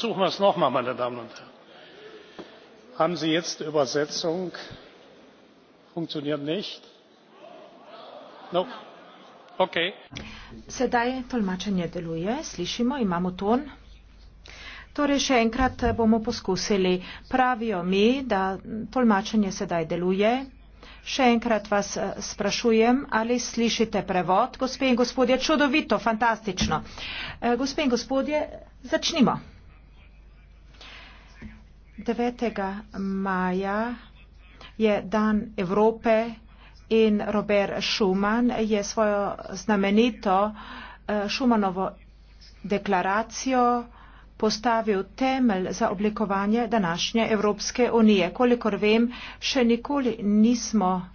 versuchen wir es noch einmal meine damen und herren. haben sie jetzt übersetzung? funktioniert nicht? no? okay. sedaj tolmačenje deluje slišimo imamo ton. Torej, še enkrat eh, bomo poskusili. Pravijo mi, da tolmačenje sedaj deluje. Še enkrat vas eh, sprašujem, ali slišite prevod, gospe in gospodje. Čudovito, fantastično. Eh, gospe in gospodje, začnimo. 9. maja je dan Evrope in Robert Schuman je svojo znamenito eh, Schumanovo deklaracijo postavil temelj za oblikovanje današnje Evropske unije. Kolikor vem, še nikoli nismo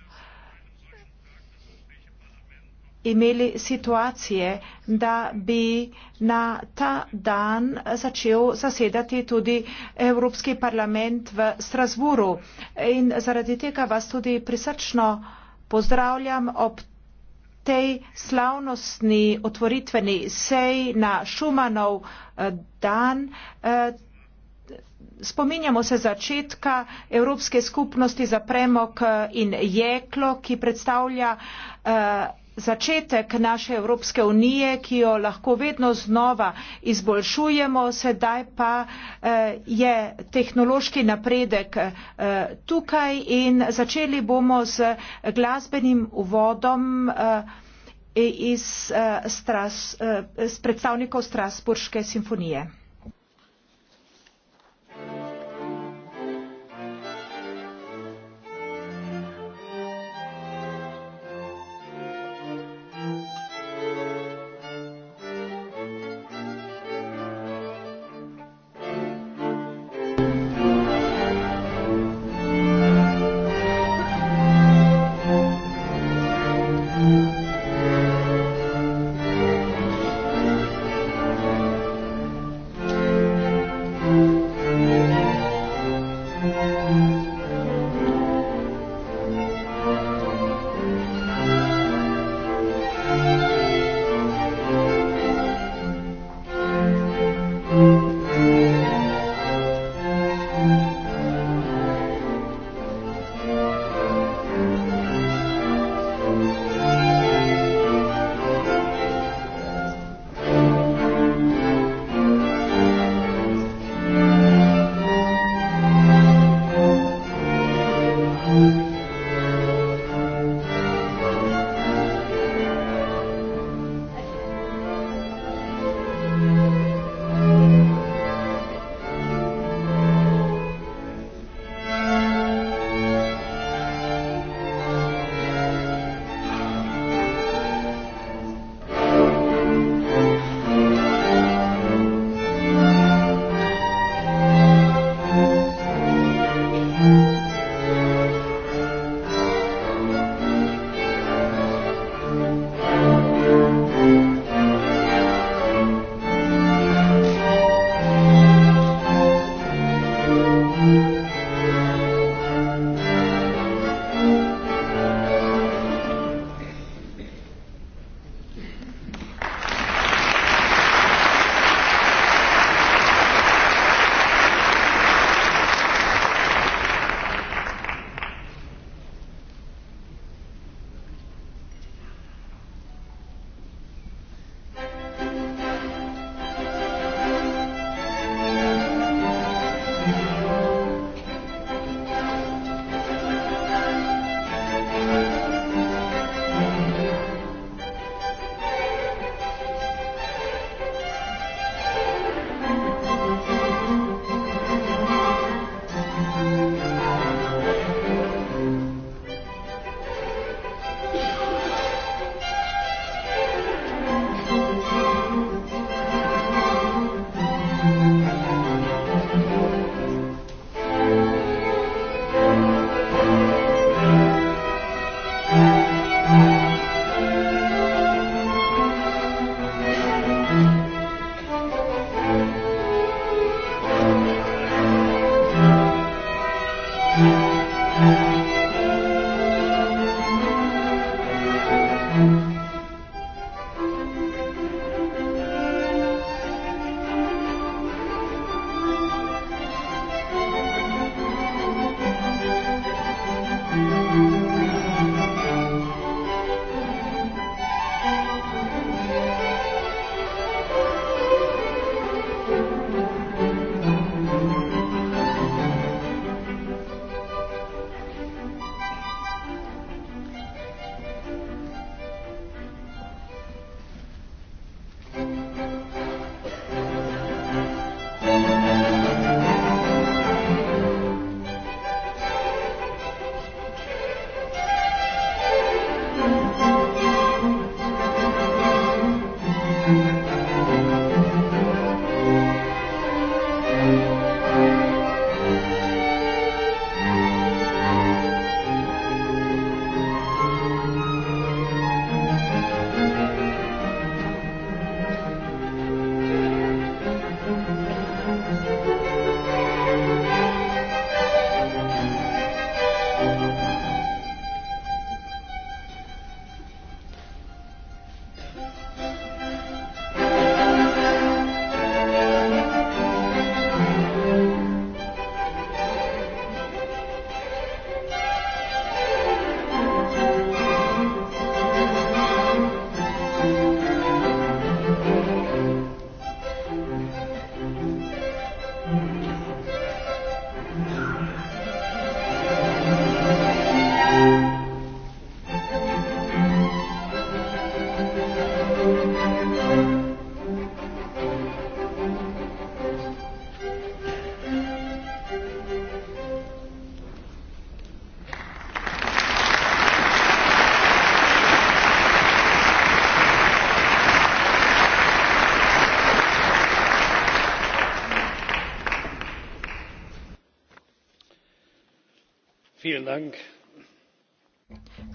imeli situacije, da bi na ta dan začel zasedati tudi Evropski parlament v Strasburu. In zaradi tega vas tudi prisrčno pozdravljam ob tej slavnostni otvoritveni sej na Šumanov eh, dan. Eh, spominjamo se začetka Evropske skupnosti za premok eh, in jeklo, ki predstavlja začetek naše Evropske unije, ki jo lahko vedno znova izboljšujemo, sedaj pa eh, je tehnološki napredek eh, tukaj in začeli bomo z glasbenim uvodom eh, iz, s predstavnikov Strasburške simfonije.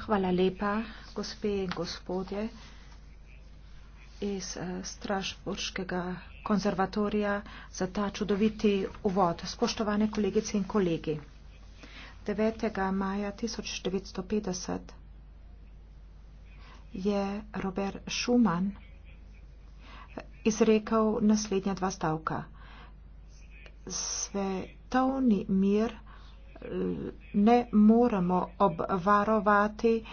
Hvala lepa, gospe in gospodje iz eh, Strašburškega konzervatorija za ta čudoviti uvod. Spoštovane kolegice in kolegi, 9. maja 1950 je Robert Schumann eh, izrekel naslednja dva stavka. Svetovni mir eh, ne moremo obvarovati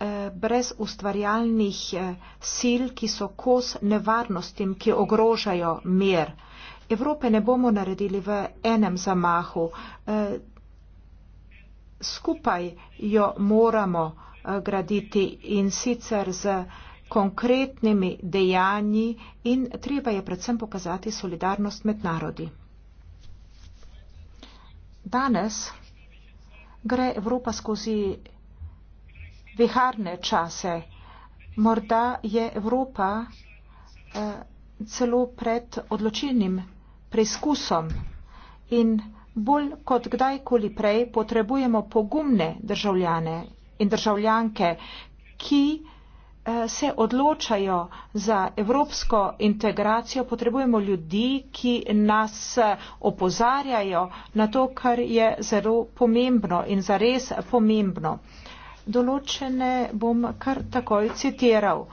eh, brez ustvarjalnih eh, sil, ki so kos nevarnostim, ki ogrožajo mir. Evrope ne bomo naredili v enem zamahu. Eh, skupaj jo moramo graditi in sicer z konkretnimi dejanji in treba je predvsem pokazati solidarnost med narodi. Danes gre Evropa skozi viharne čase. Morda je Evropa eh, celo pred odločilnim preizkusom in bolj kot kdajkoli prej potrebujemo pogumne državljane in državljanke, ki Eh, se odločajo za evropsko integracijo, potrebujemo ljudi, ki nas eh, opozarjajo na to, kar je zelo pomembno in zares pomembno. Določene bom kar takoj citiral.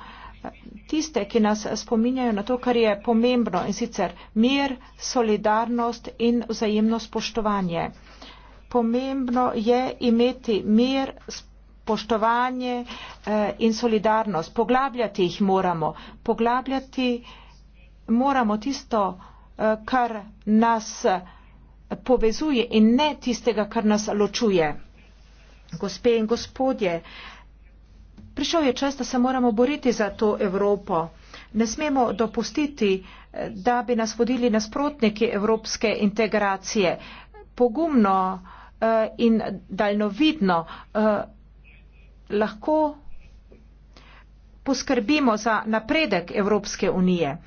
Tiste, ki nas spominjajo na to, kar je pomembno in sicer mir, solidarnost in vzajemno spoštovanje. Pomembno je imeti mir, spoštovanje spoštovanje eh, in solidarnost. Poglabljati jih moramo. Poglabljati moramo tisto, eh, kar nas eh, povezuje in ne tistega, kar nas ločuje. Gospe in gospodje, prišel je čas, da se moramo boriti za to Evropo. Ne smemo dopustiti, da bi nas vodili nasprotniki evropske integracije. Pogumno in daljnovidno lahko poskrbimo za napredek Evropske unije.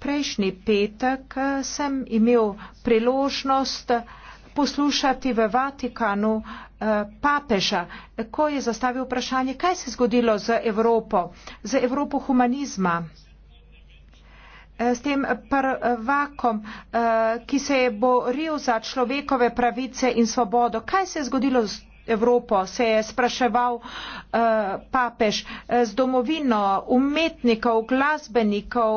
Prejšnji petek eh, sem imel priložnost eh, poslušati v Vatikanu eh, papeža, ko je zastavil vprašanje, kaj se je zgodilo z Evropo, z Evropo humanizma, s tem prvakom, ki se je boril za človekove pravice in svobodo. Kaj se je zgodilo Evropo, se je spraševal uh, papež, eh, z domovino umetnikov, glasbenikov,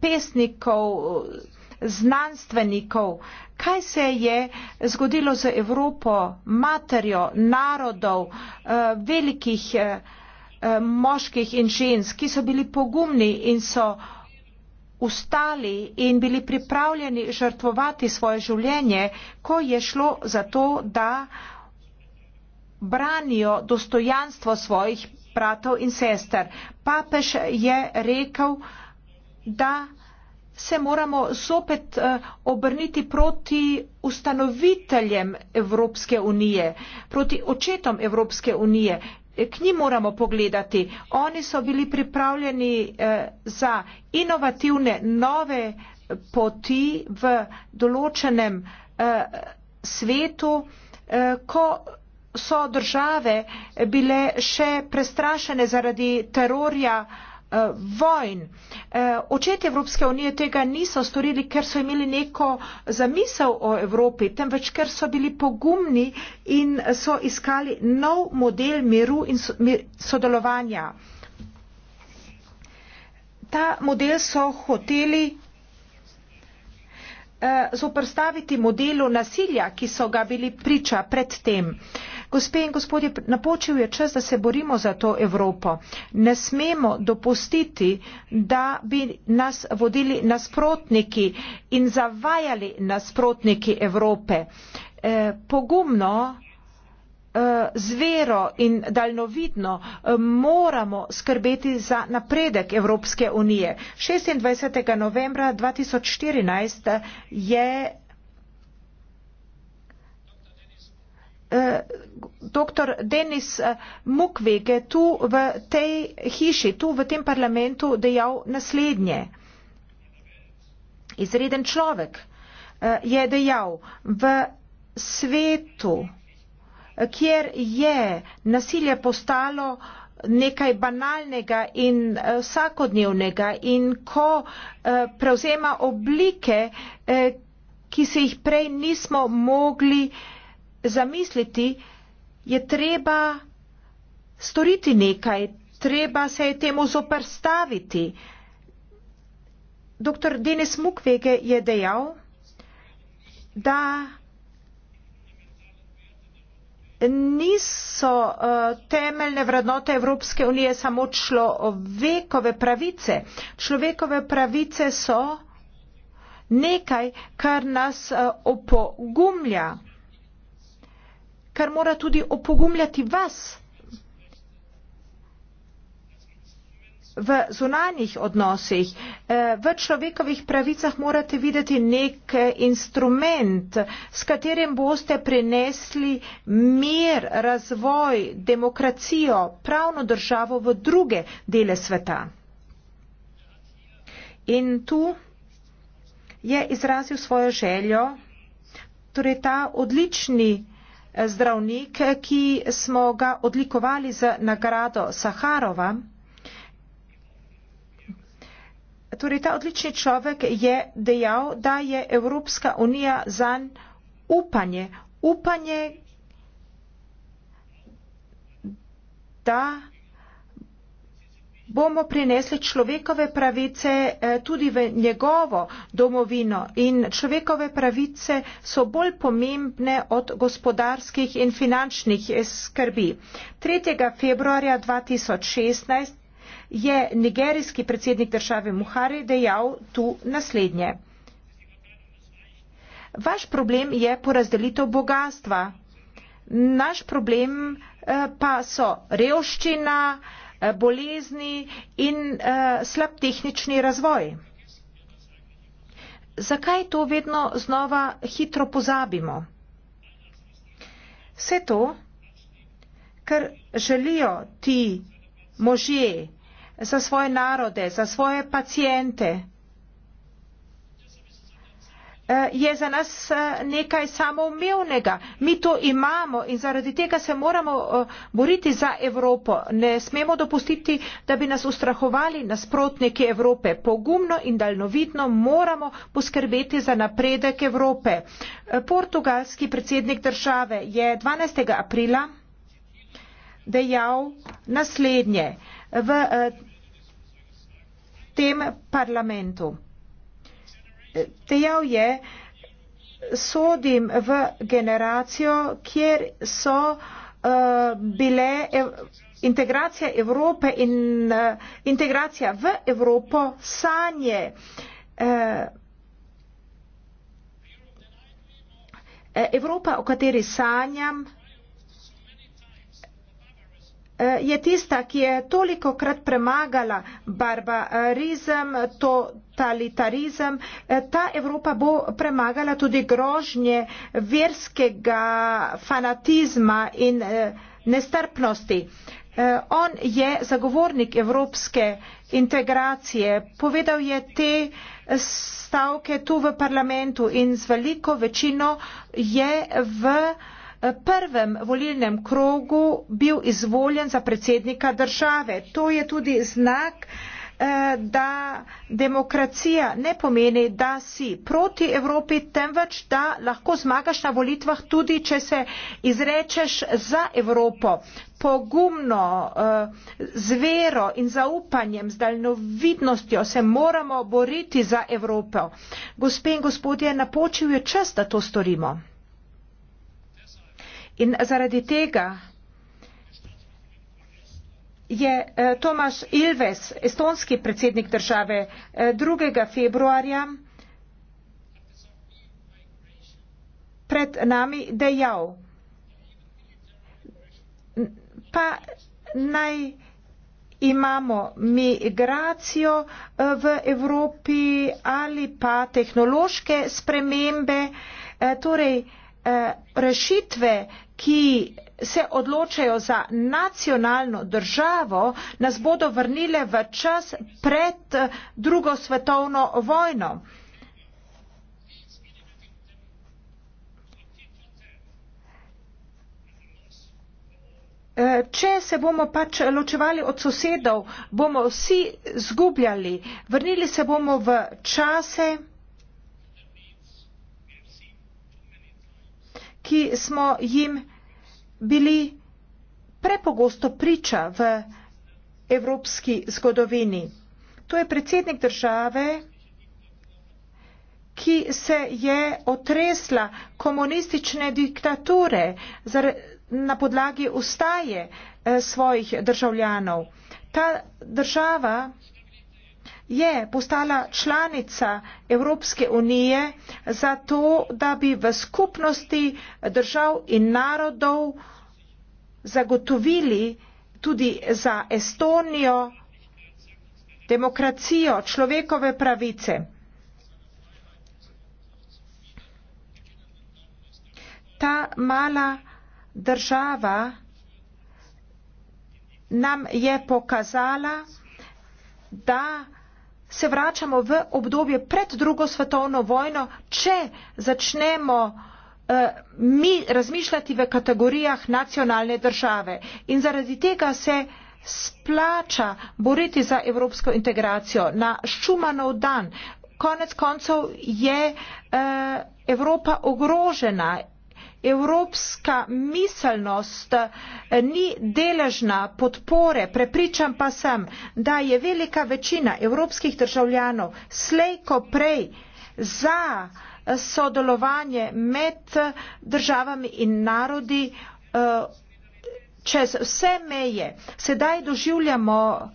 pesnikov, znanstvenikov. Kaj se je zgodilo z Evropo, materjo, narodov, uh, velikih uh, moških in žensk, ki so bili pogumni in so ustali in bili pripravljeni žrtvovati svoje življenje, ko je šlo za to, da uh, branijo dostojanstvo svojih bratov in sester. Papež je rekel, da se moramo zopet eh, obrniti proti ustanoviteljem Evropske unije, proti očetom Evropske unije. K njim moramo pogledati. Oni so bili pripravljeni eh, za inovativne nove poti v določenem eh, svetu, ko so države bile še prestrašene zaradi terorja eh, vojn. Eh, očetje Evropske unije tega niso storili, ker so imeli neko zamisel o Evropi, temveč ker so bili pogumni in so iskali nov model miru in sodelovanja. Ta model so hoteli eh, zoprstaviti modelu nasilja, ki so ga bili priča predtem. tem. Gospe in gospodje, napočil je čas, da se borimo za to Evropo. Ne smemo dopustiti, da bi nas vodili nasprotniki in zavajali nasprotniki Evrope. E, pogumno, e, zvero in daljnovidno e, moramo skrbeti za napredek Evropske unije. 26. novembra 2014 je Eh, dr. Denis eh, Mukwege tu v tej hiši, tu v tem parlamentu dejal naslednje. Izreden človek eh, je dejal v svetu, kjer je nasilje postalo nekaj banalnega in vsakodnevnega in ko prevzema oblike, ki se jih prej nismo mogli zamisliti, je treba storiti nekaj, treba se je temu zoprstaviti. Doktor Denis Mukvege je dejal, da niso uh, temeljne vrednote Evropske unije samo človekove pravice. Človekove pravice so nekaj, kar nas uh, opogumlja kar mora tudi opogumljati vas v zunanjih odnosih. Eh, v človekovih pravicah morate videti nek instrument, s katerim boste prinesli mir, razvoj, demokracijo, pravno državo v druge dele sveta. In tu je izrazil svojo željo, torej ta odlični zdravnik, ki smo ga odlikovali z nagrado Saharova. Torej, ta odlični človek je dejal, da je Evropska unija zanj upanje, upanje, da bomo prinesli človekove pravice eh, tudi v njegovo domovino in človekove pravice so bolj pomembne od gospodarskih in finančnih eh, skrbi. 3. februarja 2016 je nigerijski predsednik države Muhari dejal tu naslednje. Vaš problem je porazdelitev bogatstva. Naš problem eh, pa so revščina, Eh, bolezni in eh, slab tehnični razvoj. Zakaj to vedno znova hitro pozabimo? Vse to, ker želijo ti možje za svoje narode, za svoje pacijente, Eh, je za nas eh, nekaj samoumevnega. Mi to imamo in zaradi tega se moramo eh, boriti za Evropo. Ne smemo dopustiti, da bi nas ustrahovali nasprotniki Evrope. Pogumno in daljnovidno moramo poskrbeti za napredek Evrope. Portugalski predsednik države je 12. aprila dejal naslednje v tem parlamentu dejal je, sodim v generacijo, kjer so uh, bile ev integracija Evrope in uh, integracija v Evropo sanje. Uh, Evropa, o kateri sanjam, Eh, je tista, ki je toliko krat premagala barbarizem, totalitarizem. Eh, ta Evropa bo premagala tudi grožnje verskega fanatizma in eh, nestrpnosti. On je zagovornik evropske integracije. Povedal je te stavke tu v parlamentu in z veliko večino je v prvem volilnem krogu bil izvoljen za predsednika države. To je tudi znak, eh, da demokracija ne pomeni, da si proti Evropi, temveč da lahko zmagaš na volitvah tudi, če se izrečeš za Evropo. Pogumno, eh, z vero in zaupanjem, z daljnovidnostjo se moramo boriti za Evropo. Gospe in gospodje, napočil je čas, da to storimo. In zaradi tega je eh, Tomaš Ilves, estonski predsednik države, 2. Eh, februarja pred nami dejal, pa naj imamo migracijo eh, v Evropi ali pa tehnološke spremembe, torej rešitve ki se odločajo za nacionalno državo, nas bodo vrnile v čas pred drugo svetovno vojno. Če se bomo pač ločevali od sosedov, bomo vsi zgubljali, vrnili se bomo v čase, ki smo jim bili prepogosto priča v evropski zgodovini. To je predsednik države, ki se je otresla komunistične diktature na podlagi ustaje eh, svojih državljanov. Ta država je postala članica Evropske unije zato, da bi v skupnosti držav in narodov zagotovili tudi za Estonijo demokracijo, človekove pravice. Ta mala država nam je pokazala, da se vračamo v obdobje pred drugo svetovno vojno, če začnemo eh, mi razmišljati v kategorijah nacionalne države. In zaradi tega se splača boriti za evropsko integracijo na ščumanov dan. Konec koncev je eh, Evropa ogrožena evropska miselnost eh, ni deležna podpore, prepričam pa sem, da je velika večina evropskih državljanov slejko prej za eh, sodelovanje med eh, državami in narodi čez vse meje. Sedaj doživljamo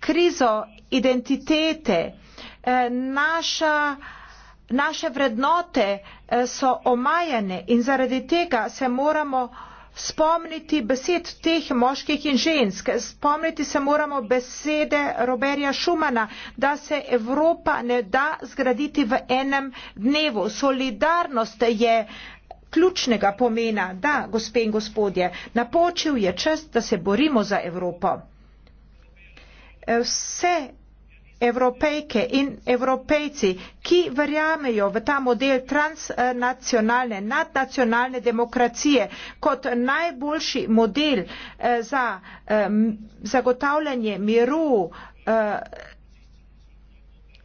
krizo identitete. Naša naše vrednote eh, so omajene in zaradi tega se moramo spomniti besed teh moških in žensk. Spomniti se moramo besede Roberja Šumana, da se Evropa ne da zgraditi v enem dnevu. Solidarnost je ključnega pomena, da, gospe in gospodje, napočil je čas, da se borimo za Evropo. Eh, vse evropejke in evropejci, ki verjamejo v ta model transnacionalne, nadnacionalne demokracije kot najboljši model eh, za zagotavljanje miru, eh,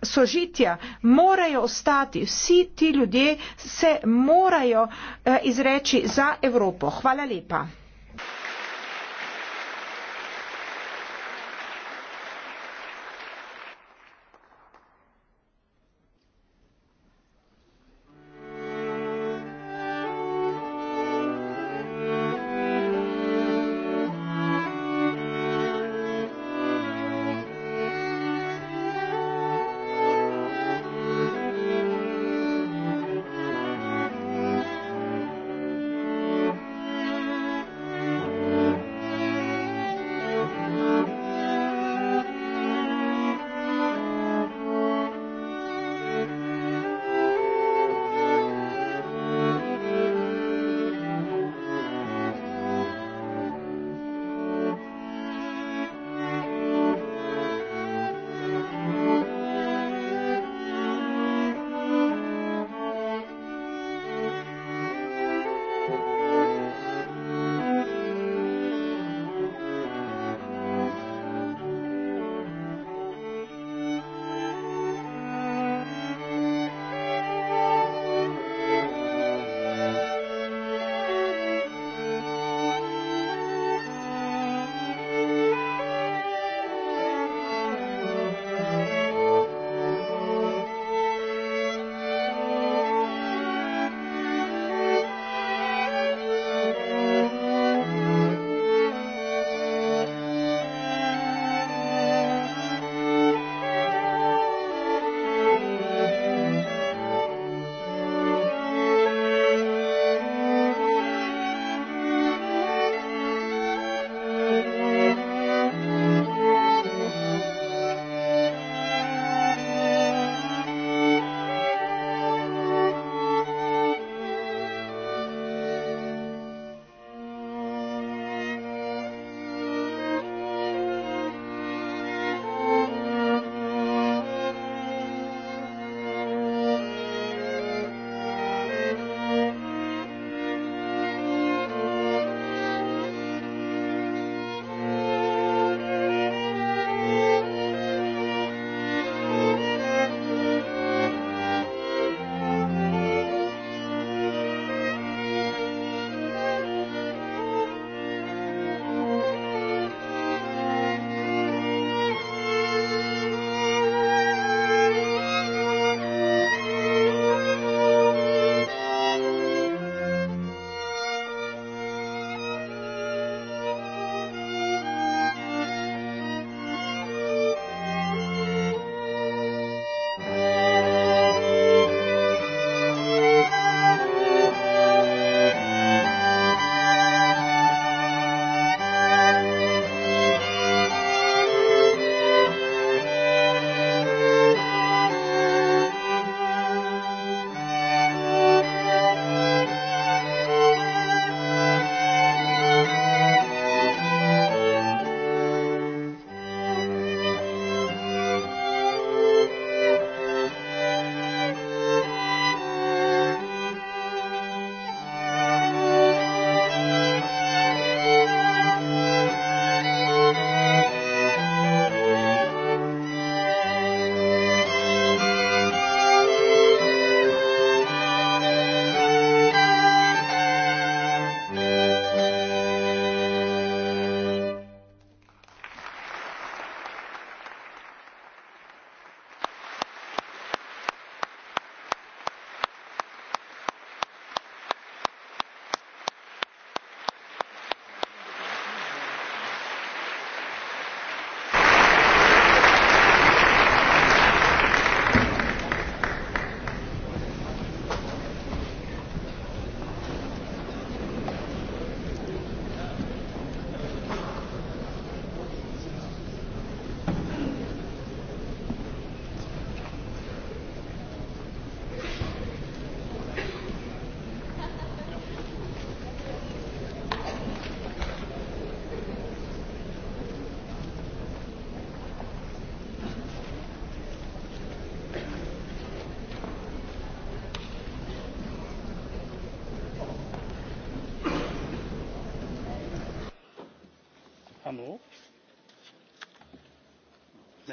sožitja, morajo ostati, vsi ti ljudje se morajo eh, izreči za Evropo. Hvala lepa.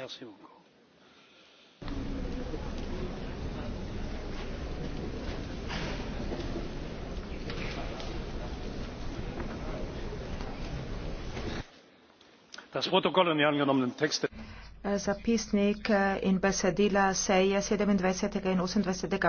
merci beaucoup. Das Protokoll und die angenommenen Texte. Zapisnik eh, in besedila seje 27. in 28.